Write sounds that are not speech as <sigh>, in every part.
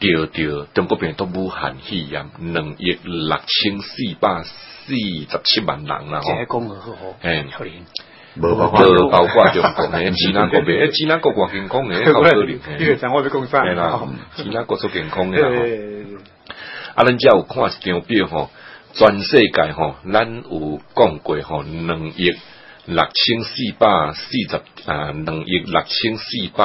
對對中國邊都無限肺炎，兩億六千四百四十七萬人啦～即係講佢好好，誒，冇辦法，冇爆過就唔講嘅。浙江嗰邊，浙江國度健康誒，好交流嘅。其實我哋公司，係啦，浙江國度健康嘅。啊，仁姐有看張表吼，全世界吼，咱有講過吼，兩億六千四百四十，啊，兩億六千四百。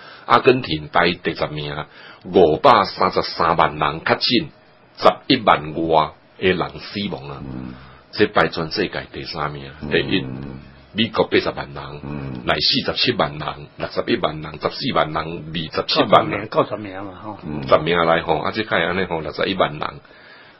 阿根廷排第十名，五百三十三萬人確診，十一萬外嘅人死亡啊！即排、嗯、全世界第三名，嗯、第一美國八十萬人，嚟、嗯、四十七萬人，六十一萬人，十四萬人，二十七萬人名夠十名嘛，嗬、嗯，十名嚟嗬，啊！即刻安尼嗬，六十一萬人。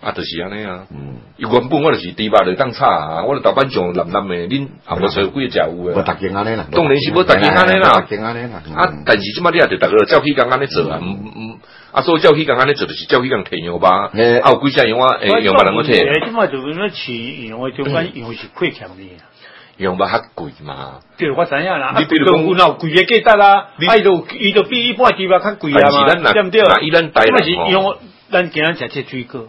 啊，著是安尼啊！原本我著是豬肉就當炒，啊，我就逐擺上藍藍恁還冇做幾個家務的。我逐日安尼啦，當然是要逐日安尼啦。啊，但是即麼啲也得，照起咁安尼做啊，毋毋，啊，所以照起咁安尼做著是照起咁停了吧。誒，用啊，用蠻能夠聽。誒，這麼就用錢，用做是虧用貴嘛。對我知影啦？比如講，用有貴誒，計得啦。愛著，伊著比一般豬肉較貴啊嘛。對唔對？伊咱帶的，咱今仔日食這水果。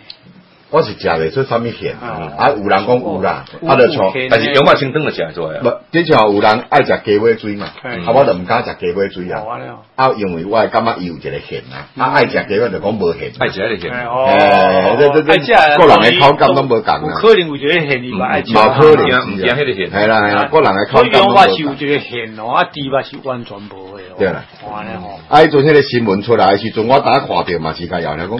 我是食袂出啥物餡。啊有人講有啦，啊著錯，但是氧化程度就食做呀。不，就像有人愛食雞尾水嘛，啊我著毋敢食雞尾水啊，啊因為我感覺有這個餡啊，啊愛食雞尾就講無餡。愛食這個餡。個人的口感都不同。可能有這個餡，你唔愛食，唔食這個餡。係啦係啦，個人的口感唔是為這個餡咯，啊第二是完全不會。對啦。哎，昨天的新聞出來是從我打垮掉嘛，是甲有人講。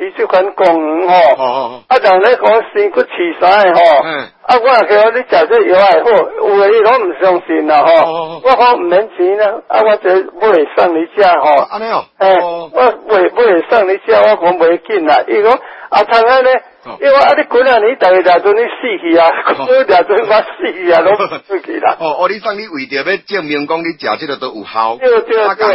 你最近降五毫，啊，陣咧講生骨刺曬吼，啊我話佢話食即有誒，伊攏毋相信啦吼，我講毋免錢啦，啊我就買送你食，吼，咁樣，誒，我買買送你食，我講唔緊啦，伊講啊睇下咧，因為啊你過兩年第二日就你死去啊，第二日就我死去啊，都死去啦。哦，你送你為着要證明講，你食即個都有效？就就係，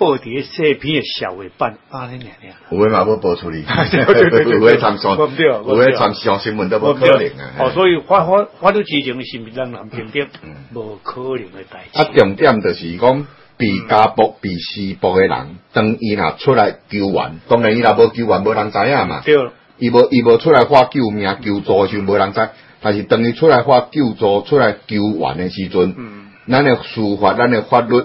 報底色片是小尾巴，啊，你娘娘。我會馬步報出嚟， <laughs> 有一參時，有一參時新聞都不可能啊。哦，所以發發發到之前是唔是讓人點點，無、嗯、可能嘅代志。啊，重點就是講，被家暴、被施暴嘅人，等伊若出來救援，嗯、當然伊若無救援，無人知影嘛。對。伊無伊無出來花救命、救助就無人知，嗯、但是等伊出來花救助、出來救援嘅時陣，咱嘅、嗯、司法、咱嘅法律。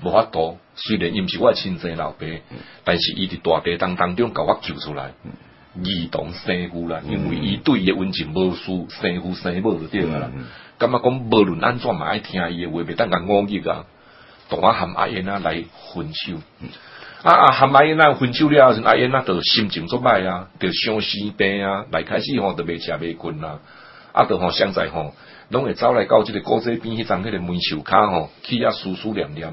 無法度，雖然伊唔是我親生老爸，嗯、但是伊佇大地堂當中甲我救出來，二堂生父啦，嗯嗯，因為伊對伊嘅溫情無輸，生父生母嗰啲啦。嗯嗯，感覺講無論安怎嘛愛聽伊嘅話，咪等甲冤家啊，同阿含阿燕啊來分手，嗯嗯、啊啊含阿燕啊分手了後，阿燕啊着心情咁歹啊，着相思病啊，來開始吼着未食未困啦，啊着吼現在吼，攏會走來到即個古井邊迄嗰迄個門柱卡吼，起啊思思念念。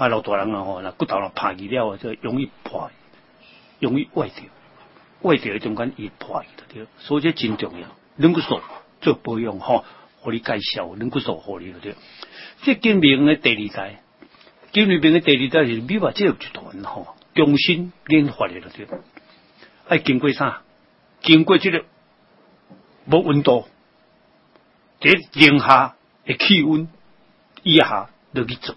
啊，老大人啊，吼，那骨頭又怕去了，就容易破，容易歪掉，歪掉嗰中間易破就掉，所以真重要。能夠手做保養，吼、哦，互你介紹能夠手，何嚟？就掉。即見面嘅第二代，見面的第二代是這人、哦、就唔把即係集團吼，重新研發嘅就掉。要經過啥？經過即個沒，冇温度，即零下的氣温以下就去做。